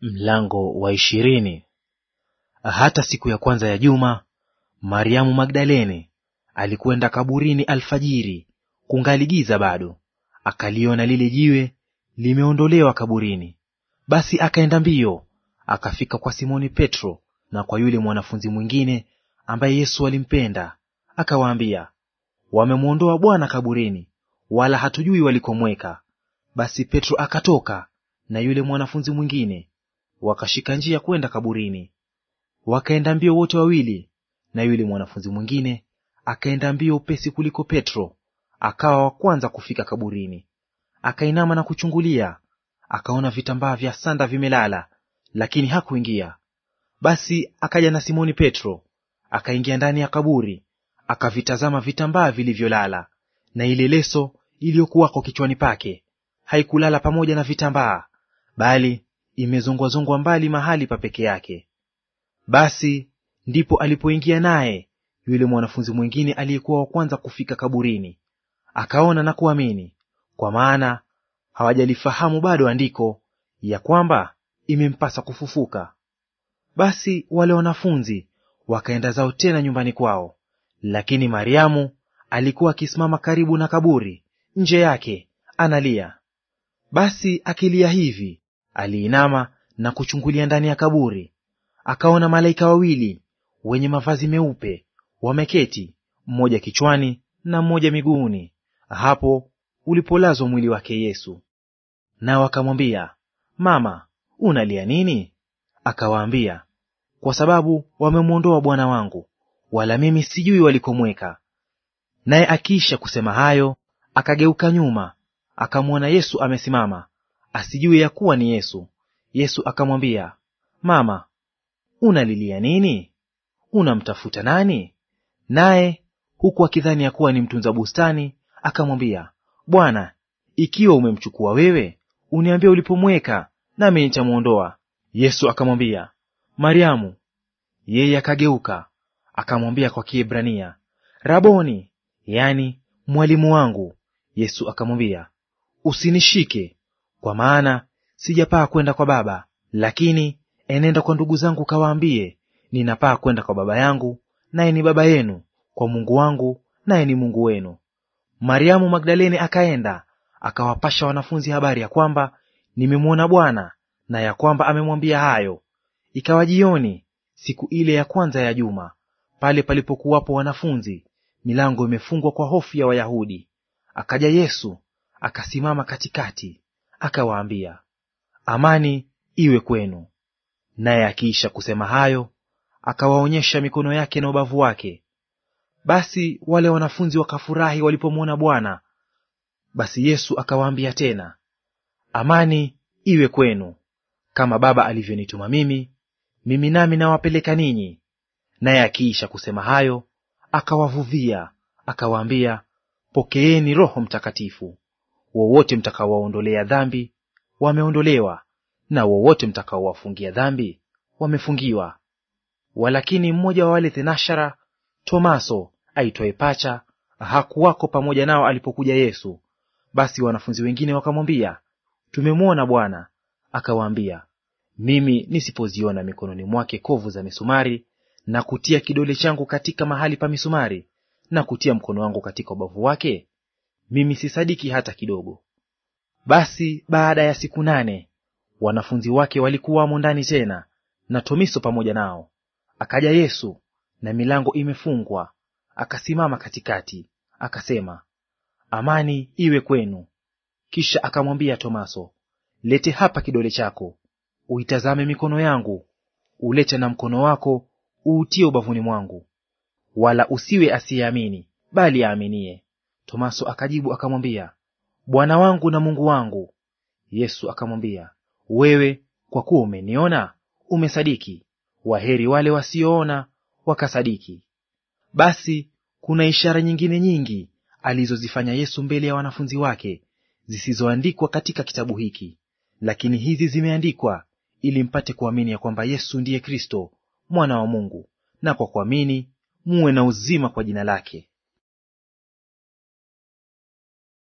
Mlango wa ishirini. Hata siku ya kwanza ya juma, Mariamu Magdalene alikwenda kaburini alfajiri, kungali giza bado, akaliona lile jiwe limeondolewa kaburini. Basi akaenda mbio, akafika kwa Simoni Petro na kwa yule mwanafunzi mwingine ambaye Yesu alimpenda, akawaambia, wamemwondoa Bwana kaburini, wala hatujui walikomweka. Basi Petro akatoka na yule mwanafunzi mwingine wakashika njia kwenda kaburini. Wakaenda mbio wote wawili, na yule mwanafunzi mwingine akaenda mbio upesi kuliko Petro, akawa wa kwanza kufika kaburini. Akainama na kuchungulia, akaona vitambaa vya sanda vimelala, lakini hakuingia. Basi akaja na Simoni Petro, akaingia ndani ya kaburi, akavitazama vitambaa vilivyolala, na ile leso iliyokuwako kichwani pake haikulala pamoja na vitambaa, bali imezongwazongwa mbali mahali pa peke yake. Basi ndipo alipoingia naye yule mwanafunzi mwingine aliyekuwa wa kwanza kufika kaburini, akaona na kuamini, kwa maana hawajalifahamu bado andiko ya kwamba imempasa kufufuka. Basi wale wanafunzi wakaenda zao tena nyumbani kwao, lakini Mariamu alikuwa akisimama karibu na kaburi nje yake analia. Basi akilia hivi, aliinama na kuchungulia ndani ya kaburi, akaona malaika wawili wenye mavazi meupe wameketi, mmoja kichwani na mmoja miguuni, hapo ulipolazwa mwili wake Yesu. Nao akamwambia, Mama, unalia nini? Akawaambia, kwa sababu wamemwondoa Bwana wangu, wala mimi sijui walikomweka. Naye akiisha kusema hayo, akageuka nyuma, akamwona Yesu amesimama asijue ya kuwa ni Yesu. Yesu akamwambia, Mama, unalilia nini? Unamtafuta nani? Naye huku akidhani ya kuwa ni mtunza bustani, akamwambia, Bwana, ikiwa umemchukua wewe, uniambie ulipomweka, nami nitamwondoa. Yesu akamwambia, Mariamu. Yeye akageuka akamwambia kwa Kiebrania, Raboni, yani mwalimu wangu. Yesu akamwambia, usinishike kwa maana sijapaa kwenda kwa baba, lakini enenda kwa ndugu zangu kawaambie ninapaa kwenda kwa baba yangu, naye ni baba yenu, kwa Mungu wangu, naye ni Mungu wenu. Mariamu magdaleni akaenda akawapasha wanafunzi habari ya kwamba, nimemwona Bwana, na ya kwamba amemwambia hayo. Ikawa jioni, siku ile ya kwanza ya juma, pale palipokuwapo wanafunzi, milango imefungwa kwa hofu ya Wayahudi, akaja Yesu akasimama katikati, akawaambia, amani iwe kwenu. Naye akiisha kusema hayo, akawaonyesha mikono yake na ubavu wake. Basi wale wanafunzi wakafurahi walipomwona Bwana. Basi Yesu akawaambia tena, amani iwe kwenu. Kama Baba alivyonituma mimi, mimi nami nawapeleka ninyi. Naye akiisha kusema hayo, akawavuvia, akawaambia, pokeeni Roho Mtakatifu wowote mtakaowaondolea dhambi wameondolewa, na wowote mtakaowafungia dhambi wamefungiwa. Walakini mmoja wa wale thenashara, Tomaso aitwaye Pacha, hakuwako pamoja nao alipokuja Yesu. Basi wanafunzi wengine wakamwambia, tumemwona Bwana. Akawaambia, mimi nisipoziona mikononi mwake kovu za misumari, na kutia kidole changu katika mahali pa misumari, na kutia mkono wangu katika ubavu wake, mimi sisadiki hata kidogo. Basi baada ya siku nane wanafunzi wake walikuwamo ndani tena, na Tomiso pamoja nao. Akaja Yesu na milango imefungwa, akasimama katikati, akasema, amani iwe kwenu. Kisha akamwambia Tomaso, lete hapa kidole chako, uitazame mikono yangu, ulete na mkono wako, uutie ubavuni mwangu, wala usiwe asiyeamini, bali aaminie. Tomaso akajibu akamwambia, Bwana wangu na Mungu wangu. Yesu akamwambia, wewe kwa kuwa umeniona umesadiki. Waheri wale wasioona wakasadiki. Basi kuna ishara nyingine nyingi alizozifanya Yesu mbele ya wanafunzi wake zisizoandikwa katika kitabu hiki, lakini hizi zimeandikwa ili mpate kuamini ya kwamba Yesu ndiye Kristo mwana wa Mungu, na kwa kuamini muwe na uzima kwa jina lake.